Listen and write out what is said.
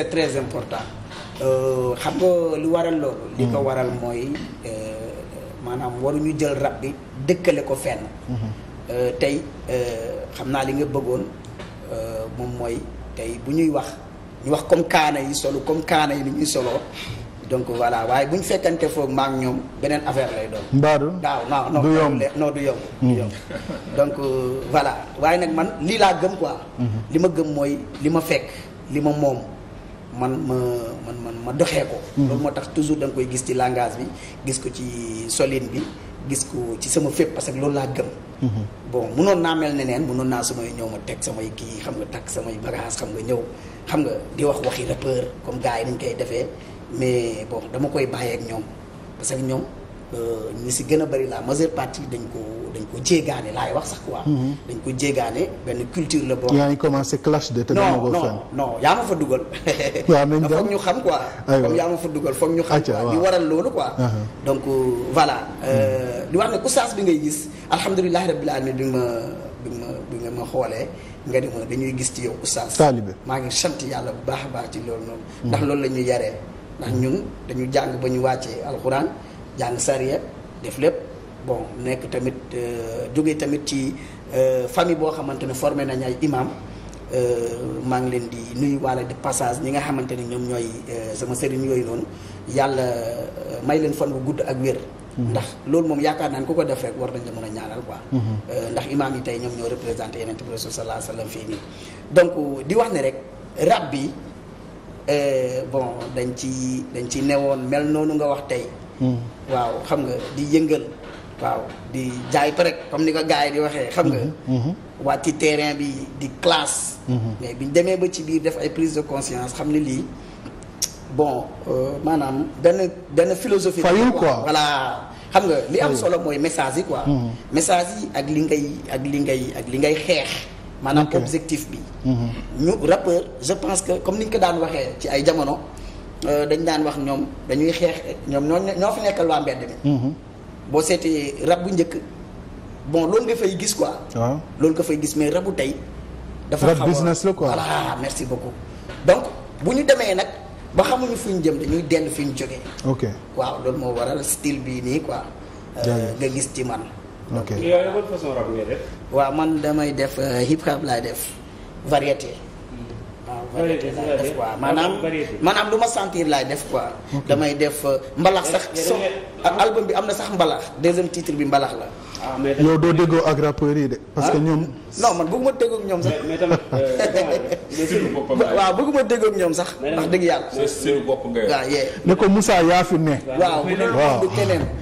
c'est très important euh, xam nga lu waral loolu li ko hmm. waral mooy euh, maanaam waruñu jël rab bi dëkkale ko fenn hmm. euh, tey xam naa li nga bëggoon moom mooy tey bu ñuy wax ñu wax comme kaana yi solo comme kaana yi ni ñuy soloo donc voilà waaye bu ñu fekkante foog maa ngi ñoom beneen affaire lay doon. mbaadu du yomb non du yomb. Hmm. donc voilà waaye nag man lii laa gëm quoi. li ma gëm mooy li ma fekk li ma moom. man ma man man ma doxee ko. Hmm. loolu moo tax toujours da koy gis ci langage bi gis ko ci solin bi gis ko ci sama fépp parce que loolu laa gëm. Hmm. bon munoon naa mel ne neen munoon naa sumay ñëw ma teg samay kii xam nga takk samay bagage xam nga ñëw xam nga di wax waxi rappeur comme gars yi ni ñu koy defee mais bon dama koy bàyyeek ñoom parce que ñoom euh, ñi si gën a bari la majeure partie dañ ko. dañ ko jéegaane laay wax sax quoi. Mhm. dañ ko jéegaane benn culture la boo. yaa ngi commencé clash de te dama ko non non yaa fa dugal. waaw nañ foog ñu xam quoi. comme yaa ma fa dugal foog ñu xam quoi di waral loolu quoi. donc euh, voilà. Euh, hmm. di wax ne oustaz bi ngay gis alhamdulilah rabbil alamin bi ma bi ma bi nga ma xoolee. nga ne ma dañuy gis ci yow oustaz. taalibe maa ngi sant yàlla bu baax a baax ci loolu noonu. Hmm. ndax loolu la ñuy yaree. ndax hmm. ñun dañu jàng ba ñu wàccee alxuraan jàng sariya def lépp. bon nekk tamit euh, jóge tamit ci euh, famille boo xamante ne formé nañ ay imam euh, maa ngi leen di nuyu waale di passage ñi nga xamante ne ñoom ñooy sama sëriñ yooyu noonu yàlla may leen fan bu gudd ak wér. Mhm. ndax loolu moom yaakaar naan ku ko def rek war nañ la mën a ñaanal quoi. Mhm. ndax imaam yi tey ñoom ñoo représenté yeneen bi rasul sallallahu alayhi wasallam fii nii. donc di wax ne rek rab bi bon dañ ci dañ ci newoon mel noonu nga wax tey. Mhm. waaw xam nga di yëngal. waaw di jaay prek comme ni nga gars yi di waxee xam nga mm-hmm. wàcc ci terrain bi di classe mm-hmm. mais biñ demee ba ci biir def ay prise de conscience xam ne lii bon euh, maanaam benn benn philosophie fayul quoi walla xam nga li am solo mooy message yi quoi mm-hmm. message yi ak li ngay ak li ngay ak li ngay xeex maanaam objectif bi ñu rappeur je pense que comme ni nga ko daan waxee ci ay jamono euh, dañ daan wax ñoom dañuy xeex ñoom ñoo ñoo fi nekkal waa mbedd mi boo seetee rab bu njëkk bon loolu dafay gis quoi. waaw loolu nga fay gis mais rabu tey. dafa xaw business la quoi voilà merci beaucoup. donc bu ñu demee nag ba xamuñu fu ñu jëm dañuy dend fi ñu jógee. ok waaw loolu moo waral style bii nii quoi. Euh, nga gis ci man. ok yow waaw man damay def euh, hip hop laay def variété. variété laay def quoi maanaam maanaam lu ma sentir laay def koi damay def euh, mbalaax sax. so album bi am na sax mbalax deuxième titre bi mbalaax la. ah mais yow doo déggoo ak rappeurs de. parce que ah. ñoom. non man bëgguma déggoo ak ñoom sax. mais waaw bëgguma déggoo ñoom sax. ndax dëgg yàlla. seen bopp nga ne ko Moussa yaa ne. waaw bu dee du